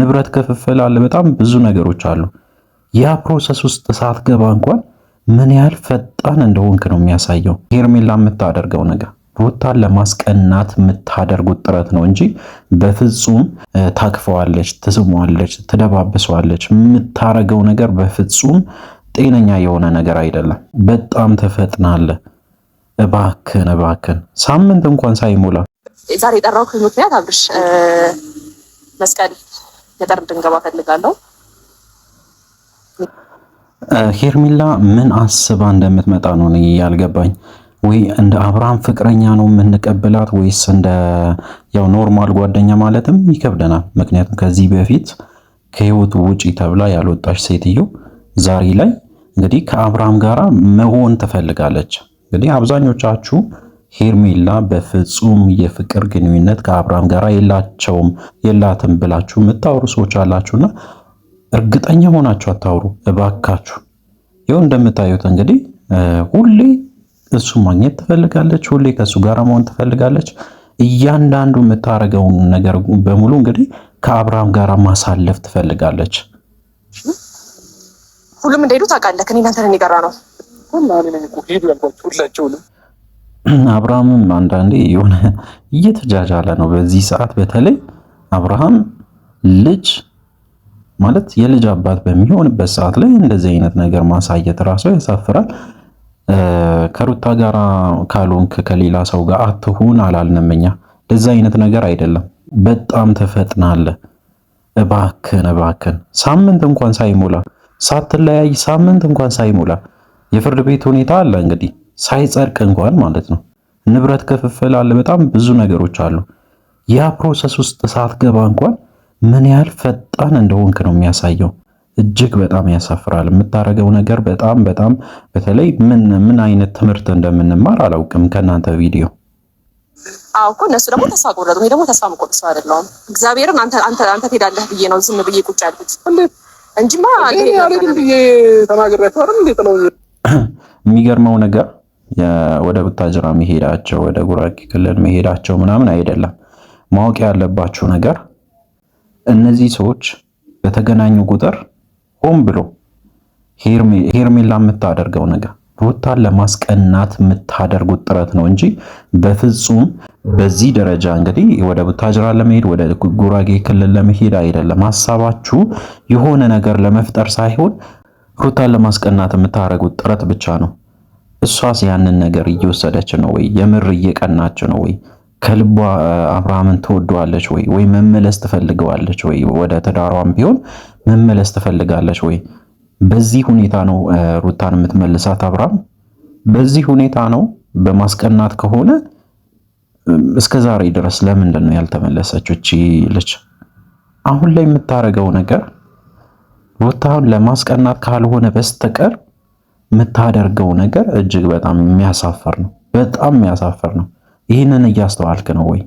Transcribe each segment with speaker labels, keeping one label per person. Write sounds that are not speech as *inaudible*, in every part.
Speaker 1: ንብረት ክፍፍል አለ። በጣም ብዙ ነገሮች አሉ። ያ ፕሮሰስ ውስጥ ሳትገባ እንኳን ምን ያህል ፈጣን እንደሆንክ ነው የሚያሳየው። ሄርሜላ የምታደርገው ነገር ሩታን ለማስቀናት የምታደርጉት ጥረት ነው እንጂ በፍጹም ታክፈዋለች፣ ትስሟለች፣ ትደባብሰዋለች። የምታረገው ነገር በፍጹም ጤነኛ የሆነ ነገር አይደለም። በጣም ተፈጥናለ። እባክን እባክን ሳምንት እንኳን ሳይሞላ
Speaker 2: ዛሬ የጠራሁት ምክንያት አብርሽ መስቀል ገጠር እንድንገባ ፈልጋለሁ።
Speaker 1: ሄርሜላ ምን አስባ እንደምትመጣ ነው እኔ ያልገባኝ። ወይ እንደ አብርሃም ፍቅረኛ ነው የምንቀበላት ወይስ እንደ ያው ኖርማል ጓደኛ ማለትም ይከብደናል። ምክንያቱም ከዚህ በፊት ከህይወቱ ውጪ ተብላ ያልወጣች ሴትዮ ዛሬ ላይ እንግዲህ ከአብርሃም ጋራ መሆን ትፈልጋለች። እንግዲህ አብዛኞቻችሁ ሄርሜላ በፍጹም የፍቅር ግንኙነት ከአብርሃም ጋር የላቸውም የላትም ብላችሁ የምታወሩ ሰዎች አላችሁና እርግጠኛ ሆናችሁ አታውሩ እባካችሁ። ይኸው እንደምታዩት እንግዲህ ሁሌ እሱ ማግኘት ትፈልጋለች፣ ሁሌ ከእሱ ጋር መሆን ትፈልጋለች። እያንዳንዱ የምታደርገውን ነገር በሙሉ እንግዲህ ከአብርሃም ጋር ማሳለፍ ትፈልጋለች።
Speaker 2: ሁሉም እንደሄዱ ታውቃለህ። ከኔ እናንተ ነው የጋራ ነው ሁላቸውንም
Speaker 1: አብርሃምም አንዳንዴ የሆነ እየተጃጃለ ነው። በዚህ ሰዓት በተለይ አብርሃም ልጅ ማለት የልጅ አባት በሚሆንበት ሰዓት ላይ እንደዚህ አይነት ነገር ማሳየት ራሱ ያሳፍራል። ከሩታ ጋር ካልሆንክ ከሌላ ሰው ጋር አትሁን አላልንም እኛ። አይነት ነገር አይደለም። በጣም ተፈጥናለ። እባክን እባክን ሳምንት እንኳን ሳይሞላ ሳትለያይ ሳምንት እንኳን ሳይሞላ የፍርድ ቤት ሁኔታ አለ እንግዲህ ሳይጸድቅ እንኳን ማለት ነው። ንብረት ክፍፍል አለ፣ በጣም ብዙ ነገሮች አሉ። ያ ፕሮሰስ ውስጥ ሳትገባ እንኳን ምን ያህል ፈጣን እንደሆንክ ነው የሚያሳየው። እጅግ በጣም ያሳፍራል። የምታደርገው ነገር በጣም በጣም በተለይ ምን ምን አይነት ትምህርት እንደምንማር አላውቅም ከእናንተ ቪዲዮ።
Speaker 2: አዎ እኮ እነሱ ደግሞ ተስፋ ቆረጡ። ደግሞ ተስፋ መቆረጥ ሰው አይደለሁም። እግዚአብሔርን አንተ አንተ አንተ ትሄዳለህ ብዬ ነው ዝም ብዬ ቁጭ ያልኩት እንጂማ ብዬ ተናግሬያቸው አይደል? እንዴት ነው *clears throat* የሚገርመው ነገር ወደ ቡታጅራ መሄዳቸው ወደ ጉራጌ ክልል መሄዳቸው ምናምን አይደለም። ማወቅ ያለባችሁ ነገር እነዚህ ሰዎች በተገናኙ ቁጥር ሆን ብሎ ሄርሜላ የምታደርገው ነገር ሩታን ለማስቀናት የምታደርጉት ጥረት ነው እንጂ በፍጹም በዚህ ደረጃ እንግዲህ ወደ ቡታጅራ ለመሄድ ወደ ጉራጌ ክልል ለመሄድ አይደለም። ሀሳባችሁ የሆነ ነገር ለመፍጠር ሳይሆን ሩታን ለማስቀናት የምታደርጉት ጥረት ብቻ ነው። እሷስ ያንን ነገር እየወሰደች ነው ወይ? የምር እየቀናች ነው ወይ? ከልቧ አብርሃምን ትወደዋለች ወይ? ወይ መመለስ ትፈልገዋለች ወይ? ወደ ትዳሯም ቢሆን መመለስ ትፈልጋለች ወይ? በዚህ ሁኔታ ነው ሩታን የምትመልሳት አብርሃም። በዚህ ሁኔታ ነው በማስቀናት ከሆነ እስከ ዛሬ ድረስ ለምንድን ነው ያልተመለሰችው እቺ ልጅ? አሁን ላይ የምታደርገው ነገር ሩታን ለማስቀናት ካልሆነ በስተቀር የምታደርገው ነገር እጅግ በጣም የሚያሳፈር ነው። በጣም የሚያሳፈር ነው። ይህንን እያስተዋልክ ነው ወይ?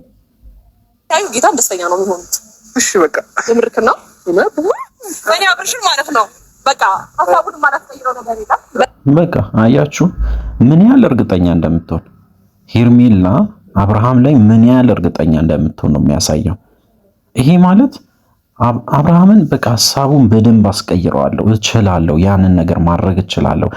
Speaker 2: ያዩ ጌታን ደስተኛ ነው የሚሆኑት። እሺ በቃ የምርክና ወይኔ አብርሽን ማለት ነው በቃ በቃ አያችሁ ምን ያህል እርግጠኛ እንደምትሆን ሄርሜላ አብርሃም ላይ ምን ያህል እርግጠኛ እንደምትሆን ነው የሚያሳየው። ይሄ ማለት አብርሃምን በቃ ሀሳቡን በደንብ አስቀይረዋለሁ። እችላለሁ፣ ያንን ነገር ማድረግ እችላለሁ።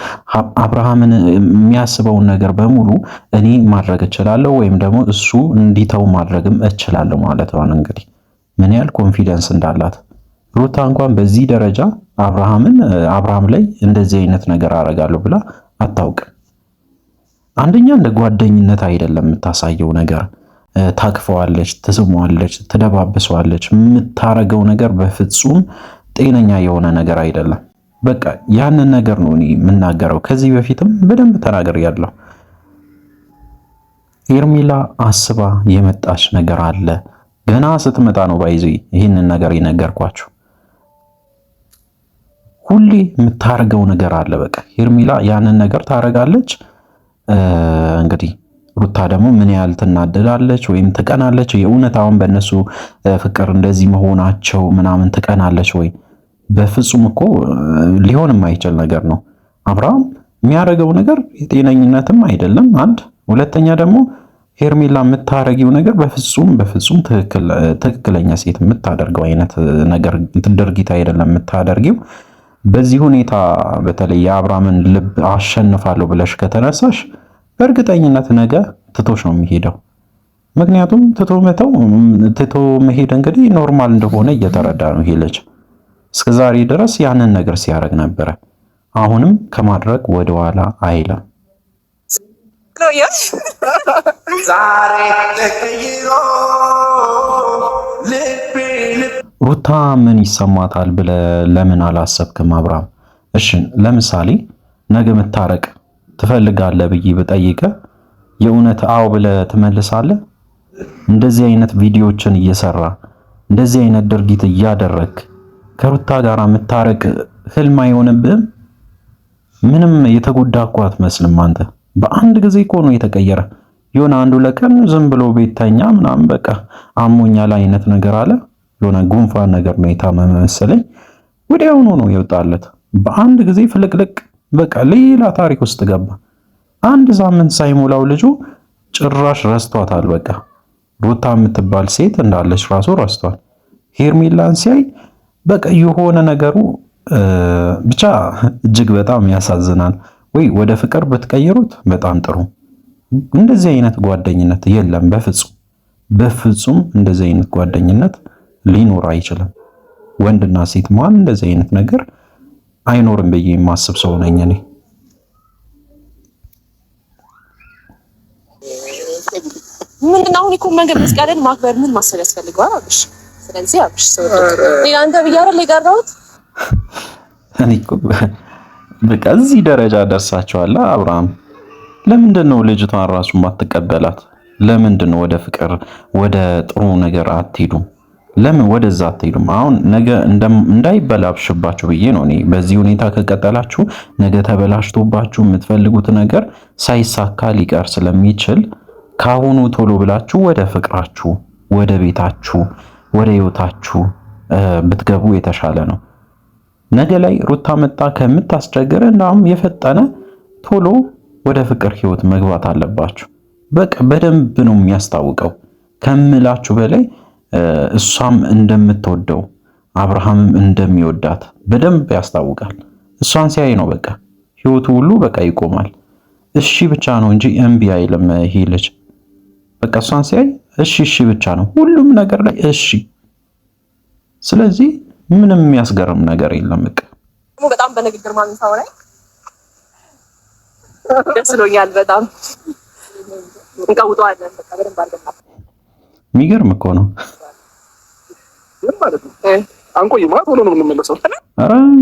Speaker 2: አብርሃምን የሚያስበውን ነገር በሙሉ እኔ ማድረግ እችላለሁ፣ ወይም ደግሞ እሱ እንዲተው ማድረግም እችላለሁ ማለት ነው። እንግዲህ ምን ያህል ኮንፊደንስ እንዳላት ሩታ እንኳን በዚህ ደረጃ አብርሃምን አብርሃም ላይ እንደዚህ አይነት ነገር አደርጋለሁ ብላ አታውቅም። አንደኛ እንደ ጓደኝነት አይደለም የምታሳየው ነገር ታክፈዋለች፣ ትስመዋለች፣ ትደባብሰዋለች። የምታረገው ነገር በፍጹም ጤነኛ የሆነ ነገር አይደለም። በቃ ያንን ነገር ነው እኔ የምናገረው። ከዚህ በፊትም በደንብ ተናገር ያለው ሄርሜላ አስባ የመጣች ነገር አለ። ገና ስትመጣ ነው ባይዚ ይህንን ነገር የነገርኳችሁ። ሁሌ የምታረገው ነገር አለ። በቃ ሄርሜላ ያንን ነገር ታረጋለች እንግዲህ ሩታ ደግሞ ምን ያህል ትናደዳለች ወይም ትቀናለች? የእውነት አሁን በእነሱ ፍቅር እንደዚህ መሆናቸው ምናምን ትቀናለች ወይ? በፍጹም እኮ ሊሆን የማይችል ነገር ነው። አብርሃም የሚያደርገው ነገር የጤነኝነትም አይደለም። አንድ ሁለተኛ ደግሞ ሄርሜላ የምታረጊው ነገር በፍጹም በፍጹም ትክክለኛ ሴት የምታደርገው አይነት ነገር ድርጊት አይደለም የምታደርጊው። በዚህ ሁኔታ በተለይ የአብርሃምን ልብ አሸንፋለሁ ብለሽ ከተነሳሽ በእርግጠኝነት ነገ ትቶሽ ነው የሚሄደው። ምክንያቱም ትቶ መተው ትቶ መሄድ እንግዲህ ኖርማል እንደሆነ እየተረዳ ነው ይሄ ልጅ። እስከ ዛሬ ድረስ ያንን ነገር ሲያደርግ ነበረ። አሁንም ከማድረግ ወደኋላ አይለም። ሩታ ምን ይሰማታል ብለ ለምን አላሰብክም አብርሃም? እሺ ለምሳሌ ነገ መታረቅ ትፈልጋለህ ብዬ ብጠይቀ የእውነት አዎ ብለህ ትመልሳለህ? እንደዚህ አይነት ቪዲዮዎችን እየሰራ እንደዚህ አይነት ድርጊት እያደረግክ ከሩታ ጋር የምታረቅ ህልም አይሆንብህም? ምንም የተጎዳ እኮ አትመስልም አንተ። በአንድ ጊዜ እኮ ነው የተቀየረ። የሆነ አንዱ ለቀን ዝም ብሎ ቤተኛ ምናምን በቃ አሞኛል አይነት ነገር አለ። የሆነ ጉንፋን ነገር ነው የታመመ መሰለኝ። ወዲያውኑ ነው የወጣለት በአንድ ጊዜ ፍልቅልቅ በቃ ሌላ ታሪክ ውስጥ ገባ። አንድ ሳምንት ሳይሞላው ልጁ ጭራሽ ረስቷታል። በቃ ሩታ የምትባል ሴት እንዳለች ራሱ ረስቷል። ሄርሜላን ሲያይ በቃ የሆነ ነገሩ ብቻ እጅግ በጣም ያሳዝናል። ወይ ወደ ፍቅር ብትቀይሩት በጣም ጥሩ። እንደዚህ አይነት ጓደኝነት የለም በፍጹም በፍጹም እንደዚህ አይነት ጓደኝነት ሊኖር አይችልም። ወንድና ሴት መሀል እንደዚህ አይነት ነገር አይኖርም ብዬ የማስብ ሰው ነኝ እኔ። ምንድነው አሁን እኮ መንገድ መስቀልን ማክበር ምን ማሰብ ያስፈልገዋል? አብሽ ስለዚህ አብሽ ሰው ሌላ አንተ ብያረል የጋራሁት እኔ እኮ በቃ እዚህ ደረጃ ደርሳችኋል። አብርሃም ለምንድን ነው ልጅቷን ራሱ ማትቀበላት? ለምንድን ነው ወደ ፍቅር ወደ ጥሩ ነገር አትሄዱም? ለምን ወደዛ አትሄዱም? አሁን ነገ እንዳይበላሽባችሁ ብዬ ነው። እኔ በዚህ ሁኔታ ከቀጠላችሁ ነገ ተበላሽቶባችሁ የምትፈልጉት ነገር ሳይሳካ ሊቀር ስለሚችል ካሁኑ ቶሎ ብላችሁ ወደ ፍቅራችሁ፣ ወደ ቤታችሁ፣ ወደ ህይወታችሁ ብትገቡ የተሻለ ነው። ነገ ላይ ሩታ መጣ ከምታስቸግር እናም የፈጠነ ቶሎ ወደ ፍቅር ህይወት መግባት አለባችሁ። በቃ በደንብ ነው የሚያስታውቀው ከምላችሁ በላይ እሷም እንደምትወደው አብርሃምም እንደሚወዳት በደንብ ያስታውቃል። እሷን ሲያይ ነው በቃ ህይወቱ ሁሉ በቃ ይቆማል። እሺ ብቻ ነው እንጂ እምቢ አይልም ይሄ ልጅ። በቃ እሷን ሲያይ እሺ እሺ ብቻ ነው ሁሉም ነገር ላይ እሺ። ስለዚህ ምንም የሚያስገርም ነገር የለም። በቃ በጣም በንግግር ማንሳው ላይ ደስ ይለኛል። በጣም እንቀውጠዋለን በቃ የሚገርም እኮ ነው። አንቆይማ ነው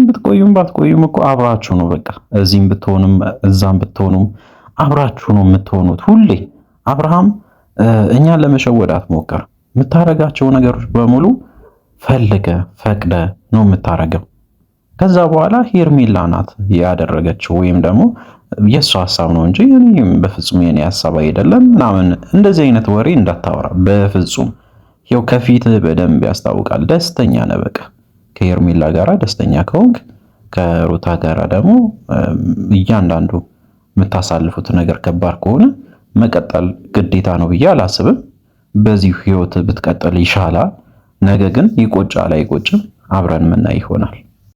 Speaker 2: ብትቆዩም ባትቆዩም እኮ አብራችሁ ነው በቃ እዚህም ብትሆንም እዛም ብትሆኑም አብራችሁ ነው የምትሆኑት። ሁሌ አብርሃም እኛን ለመሸወድ አትሞክር። የምታደርጋቸው ነገሮች በሙሉ ፈልገ ፈቅደ ነው የምታደርገው። ከዛ በኋላ ሄርሜላ ናት ያደረገችው ወይም ደግሞ የእሱ ሀሳብ ነው እንጂ እኔም በፍጹም የኔ ሀሳብ አይደለም ምናምን እንደዚህ አይነት ወሬ እንዳታወራ በፍጹም። ይኸው ከፊት በደንብ ያስታውቃል። ደስተኛ ነህ በቃ ከሄርሜላ ጋር ደስተኛ ከሆንክ ከሩታ ጋር ደግሞ እያንዳንዱ የምታሳልፉት ነገር ከባድ ከሆነ መቀጠል ግዴታ ነው ብዬ አላስብም። በዚህ ህይወት ብትቀጥል ይሻላል። ነገ ግን ይቆጫል አይቆጭም አብረን ምናይ ይሆናል።